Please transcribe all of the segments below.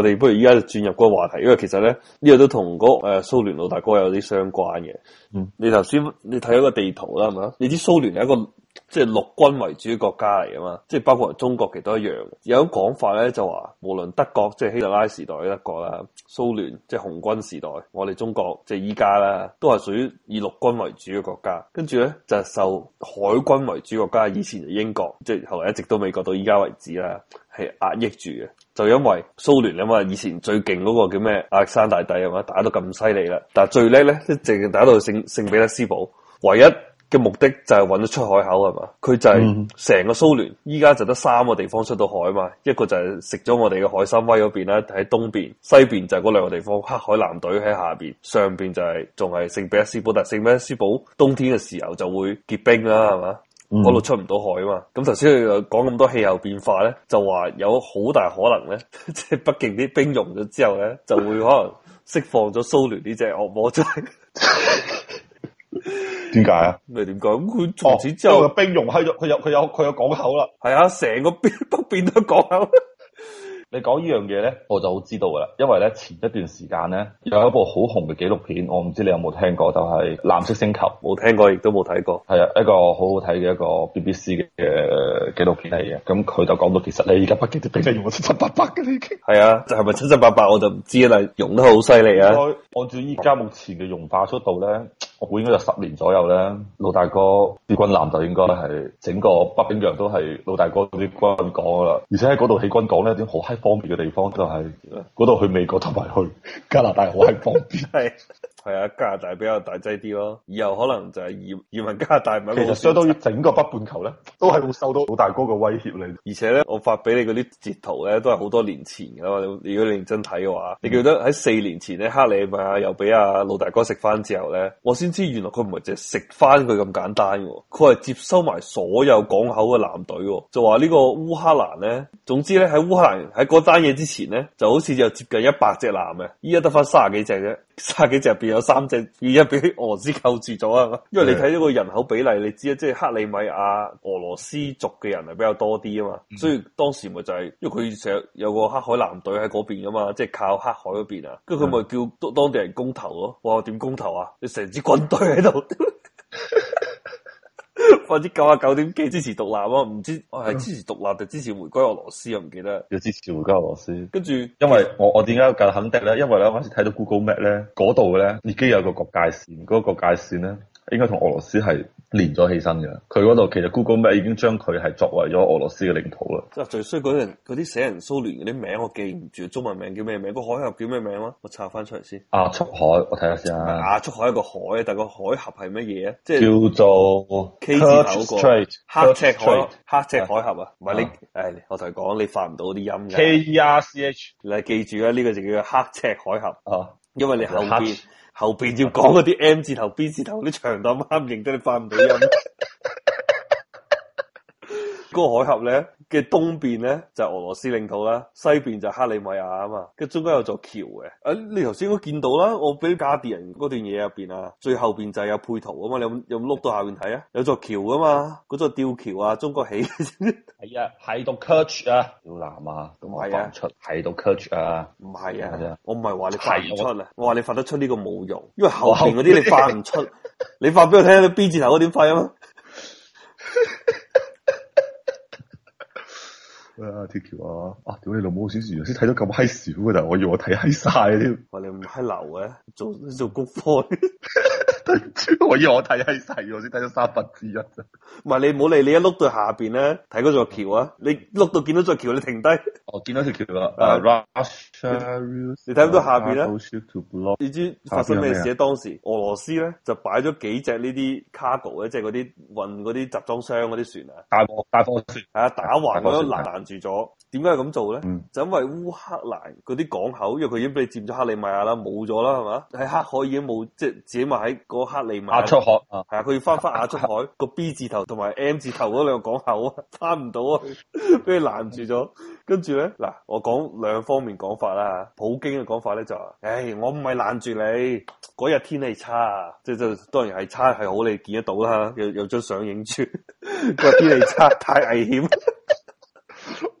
我哋不如而家就轉入嗰個話題，因為其實咧呢個都同嗰誒蘇聯老大哥有啲相關嘅。嗯，你頭先你睇嗰個地圖啦，係嘛？你知蘇聯係一個，即係陸軍為主嘅國家嚟㗎嘛，即係包括中國其實都一樣。有一種講法咧就話，無論德國即係希特拉時代嘅德國啦，蘇聯即係紅軍時代，我哋中國即係依家啦，都係屬於以陸軍為主嘅國家。跟住咧就是、受海軍為主國家以前就英國，即係後來一直都美國到依家為止啦，係壓抑住嘅。就因為蘇聯啊嘛，以前最勁嗰個叫咩亞歷山大帝啊嘛，打到咁犀利啦，但係最叻咧都淨係打到聖聖彼得斯堡，唯一。嘅目的就係揾到出海口係嘛？佢就係成個蘇聯，依家就得三個地方出到海嘛。一個就係食咗我哋嘅海參崴嗰邊啦，喺東邊、西邊就係嗰兩個地方。黑海艦隊喺下邊，上邊就係仲係聖彼得斯堡。但聖彼得斯堡冬天嘅時候就會結冰啦，係嘛？嗰度、嗯、出唔到海嘛。咁頭先佢講咁多氣候變化咧，就話有好大可能咧，即 係北極啲冰融咗之後咧，就會可能釋放咗蘇聯呢隻惡魔仔。 點解、哦、啊？咩點解？咁佢從此之後嘅冰融係佢有佢有佢有港口啦。係啊，成個邊北邊都港口。你講呢樣嘢咧，我就好知道噶啦，因為咧前一段時間咧有一部好紅嘅紀錄片，我唔知你有冇聽過，就係《藍色星球》。冇聽過亦都冇睇過，係啊，一個好好睇嘅一個 BBC 嘅紀錄片嚟嘅。咁佢就講到其實你而家北極都冰融咗七七八八嘅呢，已經係啊，就係咪七七八八我就唔知啦，融得好犀利啊！按照依家目前嘅融化速度咧，我估應該就十年左右咧。老大哥啲軍艦就應該係整個北冰洋都係老大哥啲軍港啦，而且喺嗰度起軍港咧點好方便嘅地方就係嗰度去美國同埋去加拿大好係方便。 係啊，加拿大比較大劑啲咯，以後可能就係移移民加拿大。咪其實相當於整個北半球咧，都係會受到老大哥嘅威脅嚟。而且咧，我發俾你嗰啲截圖咧，都係好多年前噶嘛。如果你認真睇嘅話，你記得喺四年前咧，克里米亞又俾阿老大哥食翻之後咧，我先知原來佢唔係淨係食翻佢咁簡單嘅，佢係接收埋所有港口嘅艦隊。就話呢個烏克蘭咧，總之咧喺烏克蘭喺嗰單嘢之前咧，就好似有接近一百隻艦嘅，依家得翻卅幾隻啫。卅幾隻入邊有三隻已經俾俄羅斯扣住咗啊！因為你睇到個人口比例，你知啊，即係克里米亞俄羅斯族嘅人係比較多啲啊嘛，嗯、所以當時咪就係、是、因為佢成日有個黑海艦隊喺嗰邊噶嘛，即係靠黑海嗰邊啊，跟住佢咪叫當地人公投咯、啊。哇！點公投啊？你成支軍隊喺度。 百分之九啊，九點幾支持獨立啊？唔知我係、哎、支持獨立定支持回歸俄羅斯我唔記得。要支持回歸俄羅斯，跟住後因為我我點解要咁肯定咧？因為咧我嗰時睇到 Google Map 咧，嗰度咧已經有個國界線，嗰、嗰個國界線咧。應該同俄羅斯係連咗起身嘅，佢嗰度其實 Google Map 已經將佢係作為咗俄羅斯嘅領土啦。即係最衰嗰陣，啲死人蘇聯嗰啲名我記唔住，中文名叫咩名？個海峽叫咩名啊？我查翻，出嚟先。啊，出海我睇下先啊。啊，出海一個海，但個海峽係乜嘢啊？即係叫做 k 黑赤海峽，黑赤海峽啊？唔係你，誒，我同你講，你發唔到啲音嘅。K E R C H，你記住啊，呢個就叫黑赤海峽啊，因為你後邊。後邊要講嗰啲 M 字頭、B 字頭嗰啲長檔，啱唔啱？認得你發唔到音。 嗰個海峽咧嘅，東邊咧就係、是、俄羅斯領土啦，西邊就係克里米亞啊嘛，跟中間有座橋嘅。誒、啊，你頭先都見到啦，我俾啲加地人嗰段嘢入邊啊，最後邊就係有配圖啊嘛，你有有冇碌到下邊睇啊，有座橋啊嘛，嗰座吊橋啊，中國起係啊，喺度 charge 啊，好難啊，咁我啊，出，喺度 charge 啊，唔係啊，我唔係話你發唔出啊，我話你發得出呢個冇用，因為後邊嗰啲你發唔出 你發，你發俾我聽你 B 字頭嗰點發嘛。 啊！鐵橋啊！啊！屌你老母小小小，小時原先睇到咁閪少嘅，但係我以為我睇閪晒添。我你唔閪流嘅，做你做谷科。 我以為我睇係睇，我先睇咗三分之一咋。唔係，你唔好理。你一碌到下邊咧，睇嗰座橋啊！你碌到見到座橋，你停低。我見到條橋啊。你睇唔到下邊咧？你知發生咩事？當時俄羅斯咧就擺咗幾隻呢啲 cargo 咧，即係嗰啲運嗰啲集裝箱嗰啲船啊，大貨大貨船係啊，打橫咗攔住咗。點解係咁做咧？嗯、就因為烏克蘭嗰啲港口，因為佢已經俾你佔咗克里米亞啦，冇咗啦，係嘛？喺黑海已經冇，即係自己話喺個克里米亞出海啊？係啊，佢要翻翻亞速海個 B 字頭同埋 M 字頭嗰兩個港口啊，差唔到啊，俾你攔住咗。跟住咧，嗱，我講兩方面講法啦。普京嘅講法咧就話、是：，唉、哎，我唔係攔住你，嗰日天氣差啊，即係就是、當然係差，係好你見得到啦，有又張相影住個 天氣差太危險。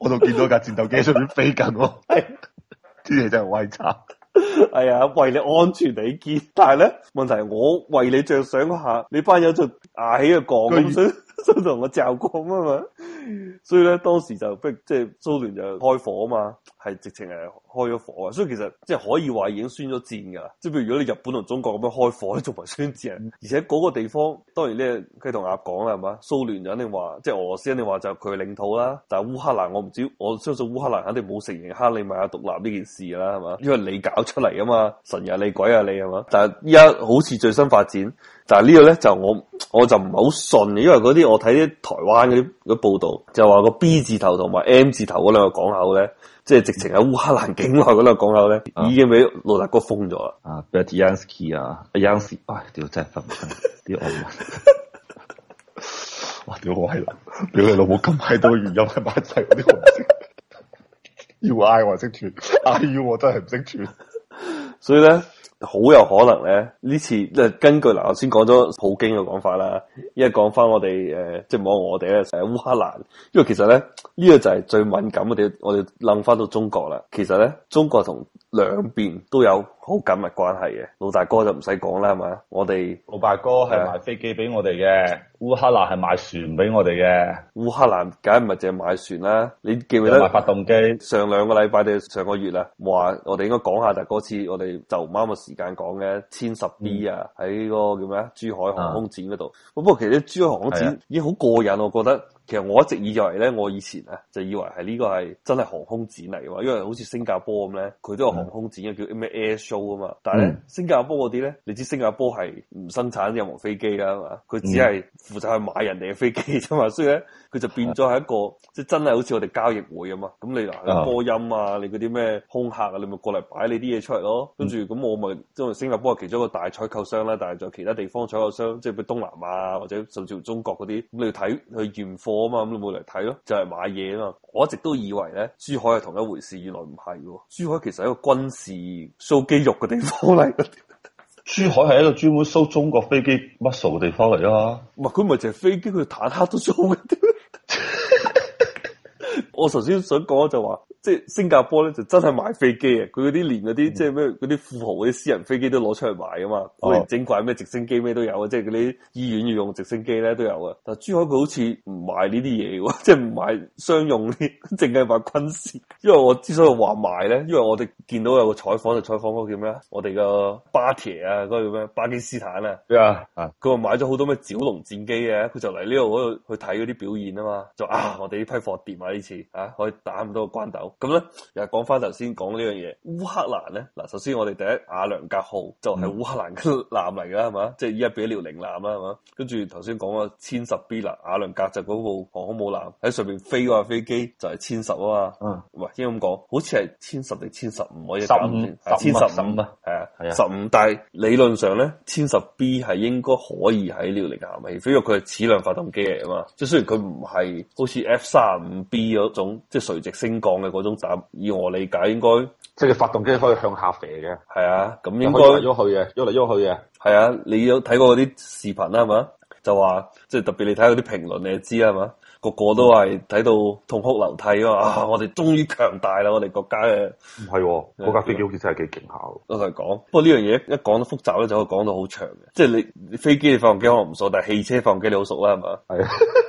我仲見到架戰鬥機喺上面飛緊，我，啲嘢真係鬼慘。係啊，為你安全你建，但係咧問題係我為你着想下，你班友就挨起個講咁樣。然 就同 我照講啊嘛，所以咧當時就即係蘇聯就開火啊嘛，係直情係開咗火啊，所以其實即係可以話已經宣咗戰噶。即係譬如如果你日本同中國咁樣開火咧，仲唔宣戰？而且嗰個地方，當然咧，佢同鴨講啦，係嘛，蘇聯就肯定話即係俄羅斯肯定話就佢領土啦。但係烏克蘭我唔知，我相信烏克蘭肯定冇承認克里米亞獨立呢件事啦，係嘛，因為你搞出嚟啊嘛，神人你鬼啊你係嘛。但係依家好似最新發展，但係呢個咧就我我就唔係好信因為嗰啲我睇啲台灣嗰啲嗰報道，就話個 B 字頭同埋 M 字頭嗰兩個港口咧，即係直情喺烏克蘭境內嗰兩個港口咧，已經俾老大哥封咗啦，啊。啊 b e 阿 y a n s k y 啊 a y a n s 哎，屌真係分唔清，啲外文，哇，屌壞啦，屌，哎，呀你老母咁係多原因一齊，我啲唔識，要 I 我唔識串，I U 我真係唔識串， 所以咧。好有可能咧，呢次即係根據嗱，頭先講咗普京嘅講法啦，一講翻我哋誒、呃，即係冇我哋咧，成日烏克蘭，因為其實咧呢、呢個就係最敏感嘅，我哋我哋諗翻到中國啦，其實咧中國同。兩邊都有好緊密關係嘅，老大哥就唔使講啦，係嘛？我哋老大哥係賣飛機俾我哋嘅，烏、呃、克蘭係賣船俾我哋嘅。烏克蘭梗係唔係淨係賣船啦,你記唔記得賣發動機？上兩個禮拜定上個月啦，話我哋應該講下，就嗰、是、次我哋就啱、嗯那個時間講嘅殲十 B 啊，喺個叫咩啊？珠海航空展嗰度。嗯、不過其實珠海航空展已經好過癮，嗯、我覺得。其實我一直以為咧，我以前啊就以為係呢個係真係航空展嚟㗎嘛，因為好似新加坡咁咧，佢都有航空展嘅叫咩 Air Show 啊嘛。但係咧，新加坡嗰啲咧，你知新加坡係唔生產任何飛機㗎嘛？佢只係負責去買人哋嘅飛機啫嘛。所以咧，佢就變咗係一個、嗯、即係真係好似我哋交易會咁嘛。咁你嗱波音啊，你嗰啲咩空客啊，你咪過嚟擺你啲嘢出嚟咯。跟住咁我咪因為新加坡係其中一個大採購商啦，但係仲有其他地方採購商，即係譬如東南亞或者甚至乎中國嗰啲，咁你要睇去驗貨。我嘛咁你冇嚟睇咯，就係、是、買嘢啊嘛！我一直都以為咧，珠海係同一回事，原來唔係嘅。珠海其實係一個軍事 show 肌肉嘅地方嚟嘅。 珠海係一個專門 show 中國飛機 muscle 嘅地方嚟啊嘛。唔係佢唔係淨係飛機，佢坦克都 show 嘅。 我頭先想講就話，即係新加坡咧就真係賣飛機啊！佢嗰啲連嗰啲、嗯、即係咩嗰啲富豪嗰啲私人飛機都攞出嚟賣噶嘛，哦、整鬼咩直升機咩都有啊！即係嗰啲醫院要用直升機咧都有啊！但係珠海佢好似唔賣呢啲嘢喎，即係唔賣商用，啲，淨係賣軍事。因為我之所以話賣咧，因為我哋見到有個採訪就係、採訪嗰個叫咩，我哋個巴鐵啊，嗰、嗰個叫咩巴基斯坦啊，佢話、嗯、買咗好多咩梟龍戰機啊。佢就嚟呢度嗰度去睇嗰啲表演啊嘛，就啊，我哋呢批貨掂啊呢次。啊，可以打咁多個關斗，咁咧又係講翻頭先講呢樣嘢。烏克蘭咧，嗱，首先我哋第一瓦良格號就係烏克蘭嘅艦嚟噶，係嘛，即係依家比遼寧艦啦，係嘛。跟住頭先講個千十 B 啦，瓦良格就嗰部航空母艦喺上邊飛嗰架飛機就係千十啊嘛。哇，應該咁講，好似係千十定千十五可以揀先，千十五啊，係啊，係啊，十五。但係理論上咧，千十 B 係應該可以喺遼寧艦起飛，不過佢係矢量發動機嚟啊嘛，即係雖然佢唔係好似 F 三五 B 即係垂直升降嘅嗰種彈，以我理解應該，即係發動機可以向下斜嘅，係啊，咁應該喐去嘅，喐嚟喐去嘅，係啊，你有睇過嗰啲視頻啦，係嘛，就話即係特別你睇嗰啲評論，你就知係嘛，個個都係睇到痛哭流涕啊！我哋終於強大啦，我哋國家嘅唔係，嗰、啊、架飛機好似真係幾勁巧。我同你講，不過呢樣嘢一講到複雜咧，就可以講到好長嘅，即、就、係、是、你，你飛機放機可能唔熟，但係汽車放機你好熟啦，係嘛，係。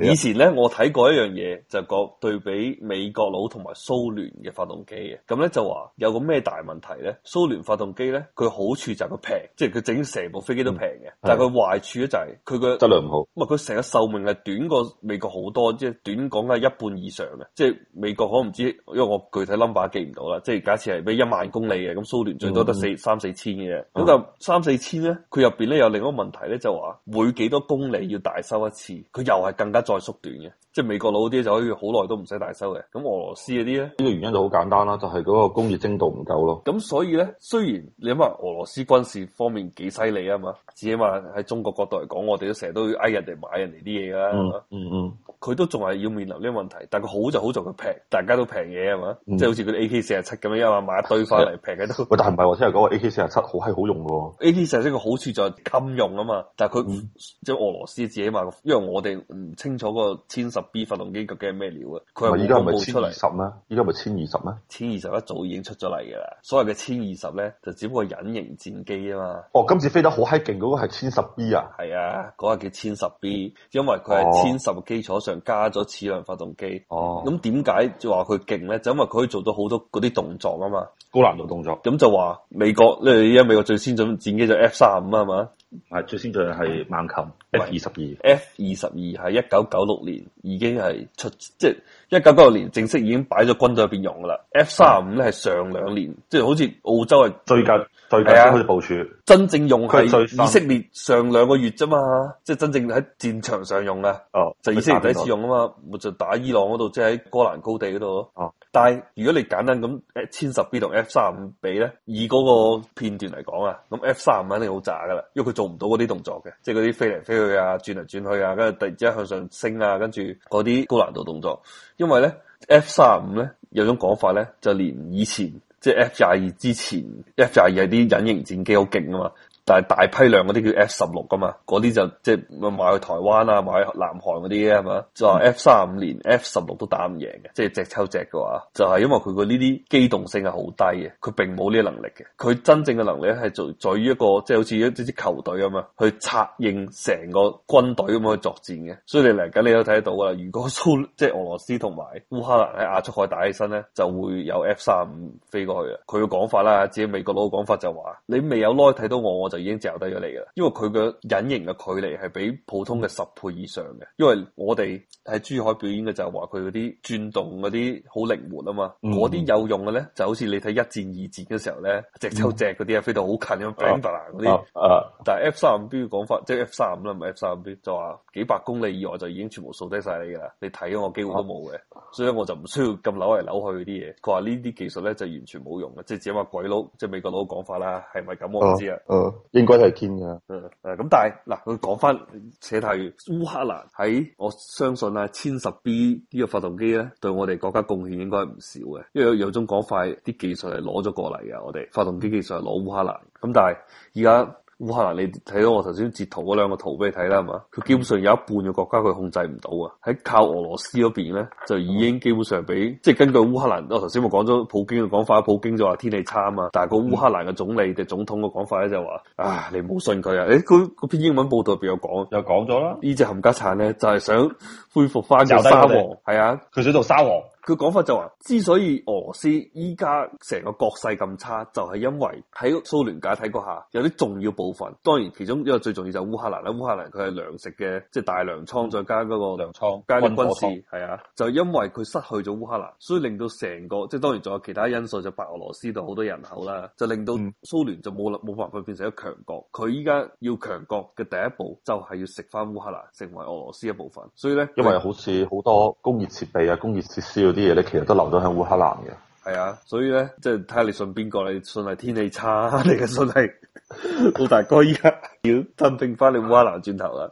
以前咧，我睇過一樣嘢就講、是、對比美國佬同埋蘇聯嘅發動機嘅，咁咧就話有個咩大問題咧？蘇聯發動機咧，佢好處就係佢平，即係佢整成部飛機都平嘅，嗯、但係佢壞處咧就係佢個質量唔好，咁啊佢成個壽命係短過美國好多，即係短講係一半以上嘅，即係美國可能唔知，因為我具體 number 記唔到啦，即係假設係俾一萬公里嘅，咁蘇聯最多得四三四千嘅啫，咁、嗯、就三四千咧，佢入邊咧有另一個問題咧，就話每幾多公里要大修一次，佢又係更加。再縮短嘅，即係美國佬啲就可以好耐都唔使大修嘅。咁俄羅斯嗰啲咧，呢個原因就好簡單啦，就係嗰個工業精度唔夠咯。咁所以咧，雖然你諗下俄羅斯軍事方面幾犀利啊嘛，至起碼喺中國角度嚟講，我哋都成日都要挨人哋買人哋啲嘢啦。嗯嗯。佢都仲係要面臨呢個問題，但係佢好就好在佢平，大家都平嘢啊嘛？嗯、即係好似佢啲 A.K. 四十七咁樣，因為買一堆翻嚟平嘅都。但係唔係喎，聽日講 A.K. 四十七好閪好用喎，啊。A.K. 四十七嘅好處就係禁用啊嘛，但係佢、嗯、即係俄羅斯自己嘛，因為我哋唔清楚個千十 B 發動機究竟係咩料啊。佢話依家唔係千二十啊？依家唔係千二十咩？千二十一早已經出咗嚟嘅啦。所謂嘅千二十咧，就只不過隱形戰機啊嘛。哦，今次飛得好嗨勁嗰個係千十 B 啊？係啊，嗰、嗰個叫千十 B，因為佢係千十嘅基礎上、哦。加咗矢量發動機，哦，咁點解就話佢勁咧？就因為佢可以做到好多嗰啲動作啊嘛，高難度動作。咁就話美國，你因為美國最先進戰機就 F 三五啊嘛，係最先進係猛禽 F 二十二，F 二十二係一九九六年已經係出即。就是一九九六年正式已經擺咗軍隊入邊用噶啦，F 三五咧係上兩年，即係好似澳洲係最近最近先開始部署。真正用係以色列上兩個月啫嘛，即係真正喺戰場上用啊。哦，就以色列第一次用啊嘛，咪，嗯，就打伊朗嗰度，即係喺哥蘭高地嗰度咯。哦，但係如果你簡單咁 F 千十 B 同 F 三五比咧，以嗰個片段嚟講啊，咁 F 三五肯定好渣噶啦，因為佢做唔到嗰啲動作嘅，即係嗰啲飛嚟飛去啊、轉嚟轉去啊，跟住突然之間向上升啊，跟住嗰啲高難度動作。因為咧 F 三五咧有種講法咧，就連以前即係、就是、F 廿二之前，F 廿二啲隱形戰機好勁啊嘛。但係大批量嗰啲叫 F 十六噶嘛，嗰啲就即係買去台灣啊，買去南韓嗰啲嘅嘛？就話 F 三五連 F 十六都打唔贏嘅，即係隻抽隻嘅話，就係、是、因為佢個呢啲機動性係好低嘅，佢並冇呢啲能力嘅。佢真正嘅能力咧係在在於一個即係、就是、好似一一支球隊咁啊，去策應成個軍隊咁去作戰嘅。所以你嚟緊你都睇得到㗎啦。如果蘇即係俄羅斯同埋烏克蘭喺亞速海打起身咧，就會有 F 三五飛過去嘅。佢嘅講法啦、啊，至於美國佬嘅講法就話：你未有耐睇到我，我就已經嚼低咗你啦，因為佢嘅隱形嘅距離係比普通嘅十倍以上嘅。因為我哋喺珠海表演嘅就係話佢嗰啲轉動嗰啲好靈活啊嘛，嗰啲、嗯、有用嘅咧就好似你睇一戰二戰嘅時候咧，直抽直嗰啲啊飛到好近嘅，嗰啲、嗯 er、啊，啊啊但係 F 三五 B 嘅講法即係、就是、F 三五啦，唔係 F 三五 B 就話幾百公里以外就已經全部掃低晒你噶啦，你睇我機會都冇嘅，啊啊、所以我就唔需要咁扭嚟扭去啲嘢。佢話呢啲技術咧就完全冇用嘅，即係只係話鬼佬即係美國佬嘅講法啦，係咪咁我唔知啊。啊啊應該係堅噶，誒，咁、 嗯、但係嗱，佢講翻，且太遠。烏克蘭喺我相信啊，千十 B 呢個發動機咧，對我哋國家貢獻應該唔少嘅，因為有種講法，啲技術係攞咗過嚟嘅，我哋發動機技術係攞烏克蘭。咁但係而家。烏克蘭，你睇到我頭先截圖嗰兩個圖俾你睇啦，係嘛？佢基本上有一半嘅國家佢控制唔到啊。喺靠俄羅斯嗰邊咧，就已經基本上俾，嗯、即係根據烏克蘭，我頭先咪講咗普京嘅講法，普京就話天氣差啊嘛。但係個烏克蘭嘅總理定、嗯、總統嘅講法咧就話，唉，你唔好信佢啊。誒、哎，嗰篇英文報道入邊有講，又講咗啦。隻呢隻冚家鏟咧就係、是、想恢復翻個沙皇，係啊，佢想做沙皇。佢講法就話，之所以俄羅斯依家成個國勢咁差，就係因為喺蘇聯解體嗰下有啲重要部分，當然其中一個最重要就係烏克蘭啦。烏克蘭佢係糧食嘅即係大糧倉，再加嗰個糧倉加軍事，係啊，就因為佢失去咗烏克蘭，所以令到成個即係當然仲有其他因素，就白俄羅斯度好多人口啦，就令到蘇聯就冇冇辦法變成咗強國。佢依家要強國嘅第一步，就係要食翻烏克蘭，成為俄羅斯一部分。所以咧，因為好似好多工業設備啊、工業設施啲。啲嘢你其實都留咗喺烏克蘭嘅，係啊，所以咧即係睇下你信邊個？你信係天氣差，你嘅信係 老大哥依家。要吞併翻你烏克蘭轉頭啦，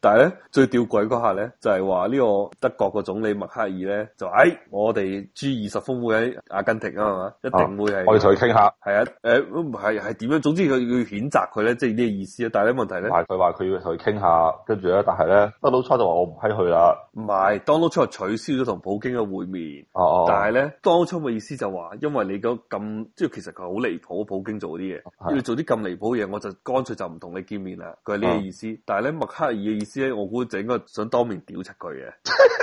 但係咧最吊詭嗰下咧就係話呢個德國個總理默克爾咧就誒、哎、我哋 G20 峰會喺阿根廷啊嘛，一定會係我哋同佢傾下係啊，誒唔係係點樣？總之佢要譴責佢咧，即係呢個意思啊。但係咧問題咧，係佢話佢要同佢傾下，跟住咧，但係咧、哦，特朗普就話我唔批去啦。唔係，特朗普係取消咗同普京嘅會面。哦哦，但係咧特朗普嘅意思就話，因為你咁即係其實佢好離譜，普京做啲嘢，你的做啲咁離譜嘅嘢，我就乾脆就唔同你。見面啦，佢係呢個意思，嗯、但係咧，默克爾嘅意思咧，我估整個想當面屌出佢嘅。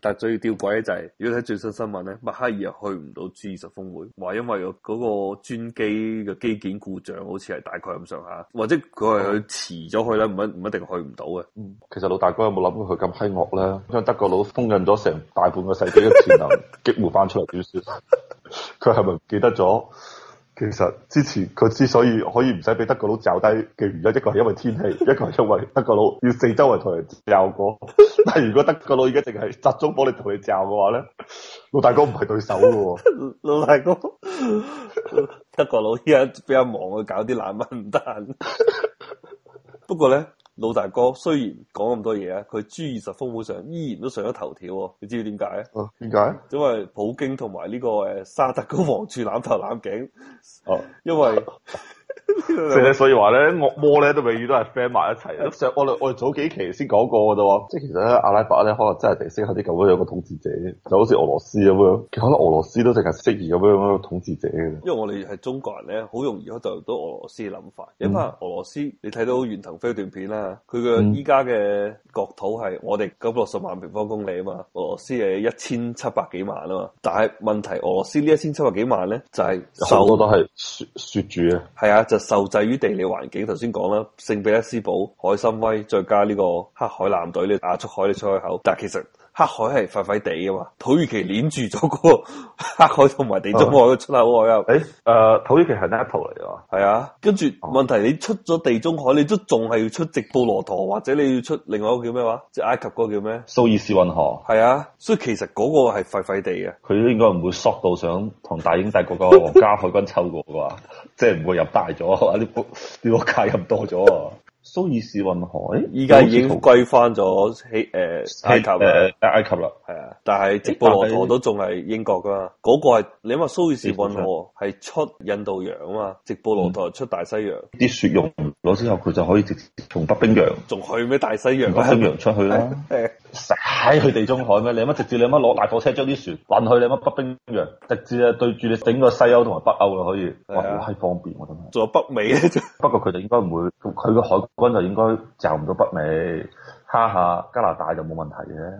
但最吊詭就係、是，如果睇最新新聞咧，默克爾又去唔到 G 二十峰會，話因為個嗰個專機嘅機件故障，好似係大概咁上下，或者佢係去遲咗去咧，唔一唔一定去唔到嘅。其實老大哥有冇諗過佢咁欺惡咧？將德國佬封印咗成大半個世紀嘅潛能 激活翻出嚟點算？佢係咪記得咗？其實之前佢之所以可以唔使俾德國佬罩低嘅原因，一個係因為天氣，一個係因為德國佬要四周圍同人罩過。但如果德國佬而家淨係集中火力同佢罩嘅話呢，老大哥唔係對手噶喎。老大哥， 老大哥 德國佬而家比較忙，搞啲爛混蛋。不過呢。老大哥雖然講咁多嘢啊，佢 G 二十峰會上依然都上咗頭條喎。你知唔知點解啊？點解？因為普京同埋呢個誒沙特個皇儲攬頭攬頸。哦， 因為。 即 係所以話咧，惡魔咧都永遠都係 friend 埋一齊。 上我哋我哋早幾期先講過嘅啫。即係其實阿拉伯咧可能真係地適合啲咁樣嘅統治者，就好似俄羅斯咁樣。其實可能俄羅斯都淨係適宜咁樣嘅統治者嘅。因為我哋係中國人咧，好容易就到，到俄羅斯嘅諗法。因為、嗯、俄羅斯你睇到袁騰飛段片啦，佢嘅依家嘅國土係我哋九百六十萬平方公里啊嘛。俄羅斯係一千七百幾萬啊嘛。但係問題俄羅斯1，呢一千七百幾萬咧，就係、是、好多都係雪雪住嘅。係啊，就。笑著的笑著的受制於地理環境，頭先講啦，聖彼得斯堡、海森威，再加呢個黑海南隊呢亞速海嘅出海口，但其實。黑海係廢廢地噶嘛土耳其捏住咗個黑海同埋地中海嘅出口海。誒、啊，誒、欸呃，土耳其係 NATO 嚟噶係啊。跟住問題，你出咗地中海，你都仲係要出直布羅陀，或者你要出另外一個叫咩話？即係埃及個叫咩？蘇伊士運河。係啊，所以其實嗰個係廢廢地嘅。佢都應該唔會縮到想同大英帝國個皇家海軍抽過啩，即係唔會入大咗，啲國啲國家入多咗。蘇伊士運河而家已經歸翻咗希誒埃及誒埃，埃及啦，係啊，但係直布羅陀都仲係英國噶嘛？嗰、那個係你話蘇伊士運河係出印度洋啊嘛？直布羅陀出大西洋，啲、嗯嗯、雪融。咗之後，佢就可以直接從北冰洋，仲去咩大西洋、北冰洋出去啦？成日 的去地中海咩？你乜直接你乜攞大貨車將啲船運去你乜北冰洋？直接啊，對住你整個西歐同埋北歐咯，可以的哇，好閪方便喎，真係。仲有北美咧，啊，不過佢哋應該唔會，佢個海軍就應該就唔到北美，蝦下加拿大就冇問題嘅。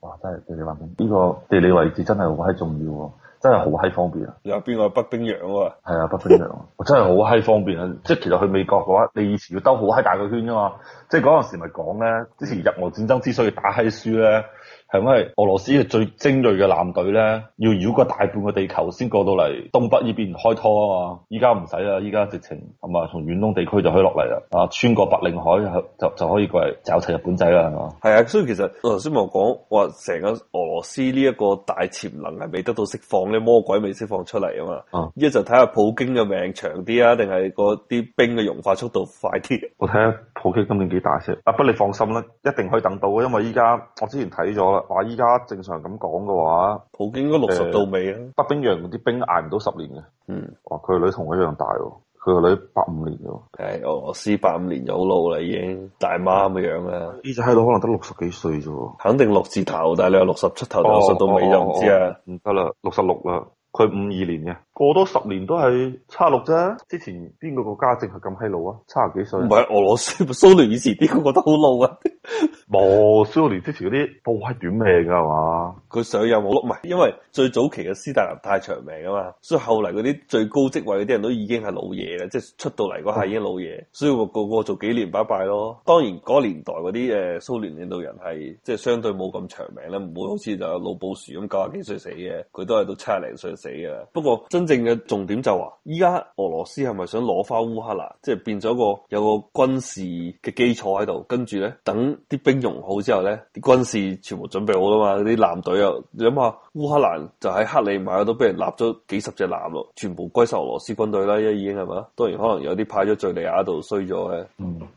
哇，真係地理環境，呢、呢個地理位置真係好鬼重要喎。真係好閪方便啊！有邊個北冰洋啊？係 啊，北冰洋啊！真係好閪方便啊！即係其實去美國嘅話，你以前要兜好閪大個圈啫嘛。即係嗰陣時咪講咧，之前日俄戰爭之所以打閪輸咧。係因為俄羅斯嘅最精銳嘅艦隊咧，要繞個大半個地球先過到嚟東北呢邊開拖啊嘛！依家唔使啦，依家直情咁啊，從遠東地區就可以落嚟啦，啊，穿過白令海就就可以過嚟找齊日本仔啦，係嘛？係啊，所以其實我頭先冇講話成個俄羅斯呢一個大潛能係未得到釋放咧，魔鬼未釋放出嚟啊嘛！哦、嗯，依家就睇下普京嘅命長啲啊，定係嗰啲冰嘅融化速度快啲？我睇下普京今年幾大先？啊，不，你放心啦，一定可以等到，因為依家我之前睇咗啦。話依家正常咁講嘅話，普京應該六十到尾啊！北、呃、冰洋啲冰挨唔到十年嘅。嗯，哇，佢個女同我一樣大喎，佢個女八五年喎。係俄羅斯八五年就好老啦，已經大媽咁樣啦。呢隻喺度可能得六十幾歲啫，肯定六字頭，但係你有六十出頭，六十到尾就唔、哦、知啦。唔得啦，六十六啦，佢、哦哦、五二年嘅。過多十年都係差六啫。之前邊個國家淨係咁閪老啊？七十幾歲唔係俄羅斯，蘇聯以前邊個覺得好老啊？冇，蘇聯之前嗰啲都係短命噶係嘛？佢上任冇，唔係因為最早期嘅斯大林太長命啊嘛，所以後嚟嗰啲最高職位嗰啲人都已經係老嘢啦，即係出到嚟嗰下已經老嘢，所以個個做幾年拜拜咯。當然嗰、那個年代嗰啲誒蘇聯領導人係即係相對冇咁長命啦，唔會好似就老布殊咁九十幾歲死嘅，佢都係到七十零歲死嘅。不過真正嘅重點就話、是，依家俄羅斯係咪想攞翻烏克蘭，即係變咗個有個軍事嘅基礎喺度，跟住咧等啲兵融好之後咧，啲軍事全部準備好啦嘛，啲艦隊啊，你諗下烏克蘭就喺克里馬都俾人立咗幾十隻艦咯，全部歸晒俄羅斯軍隊啦，一家已經係嘛？當然可能有啲派咗敘利亞度衰咗嘅。嗯